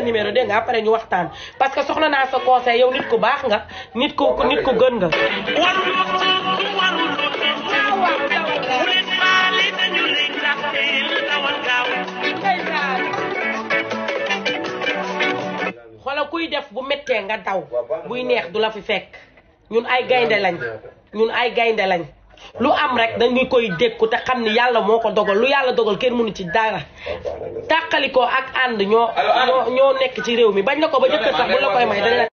sa numéro de nga après ñu waxtaan parce que soxna na sa conseil yow nit ku bax nga nit ku ku nit ku gën nga xola kuy def bu metté nga daw buy neex du la fi fekk ñun ay gaynde lañ ñun ay gaynde lañ lu am rek danga koy dékku te xam ni yàlla moo ko dogal lu yàlla dogal kenn mënu ci dara tàqalikoo ak ànd ñoo ñoo nekk ci réew mi bañ na ko ba jëkkër sax bu la koy may dañ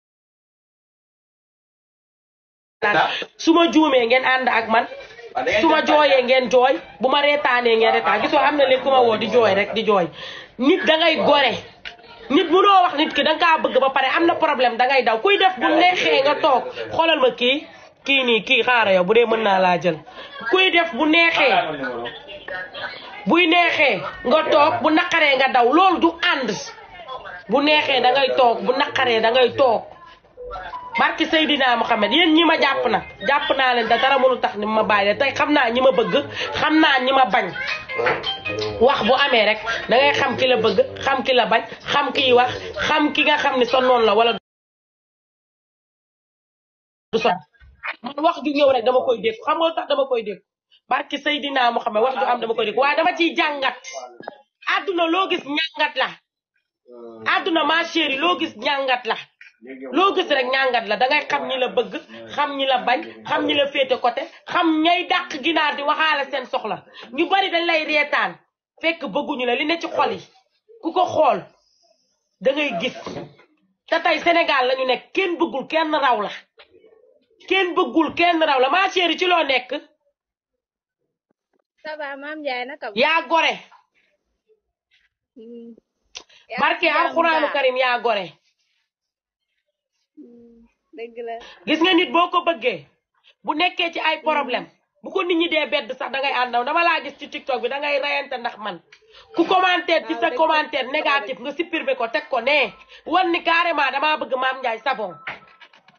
su ma juumee ngeen ànd ak man ah, su ma jooyee ngeen jooy bu ma reetaanee ngeen reetaan gisoo am na léegi ku ma woo di jooy rek di jooy nit dangay gore nit munoo wax nit ki danga ka bëgg ba pare am na problème dangay daw kuy def bu neexee nga toog xoolal ma kii Kini ki xara yow budé dee mën naa laa jël kuy def bu nexé buy nexé nga tok bu nakaré nga daw loolu du and bu nexé da ngay tok bu nakaré da ngay tok barki sayidina muhammad yeen ñima japp na japp na leen da dara mënu tax ni ma bayé tay xamna ñima bëgg xamna ñima bañ wax bu amé rek da ngay xam ki la bëgg xam ki la bañ xam ki wax xam ki nga xamni sa la wala du man wax ju ñëw rek dama koy dégg xam nga tax dama koy dégg barki Seydina Muhammad wax ju am dama koy dégg waaye dama ciy jàngat àdduna loo gis ñàngat la àdduna ma chérie loo gis ñàngat la loo gis rek ñàngat la dangay xam ñi la bëgg xam ñi la bañ xam ñi la féete côté xam ñay dàq ginaar di waxaale seen soxla ñu bari dañ lay reetaan fekk bëgguñu la li ne ci xol yi ku ko xool da ngay gis te tey Sénégal la ñu nekk kenn bëggul kenn raw la kenn bëggul kenn raw la ma chérie ci loo nekk. ça va maam Ndiaye naka. yaa gore. Hmm. barke alxuraanu karim gore. Hmm. dëgg la. gis nga nit boo ko bëggee bu nekkee ci ay hmm. problème bu ko nit ñi dee bedd sax da ngay àndaw dama laa gis ci tiktok bi da ngay rayante ndax man ku ah, commentaire ci sa commentaire négatif nga supprimer ko teg ko nee wan ni carrément dama bëgg maam Ndiaye savon.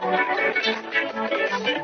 Thank you.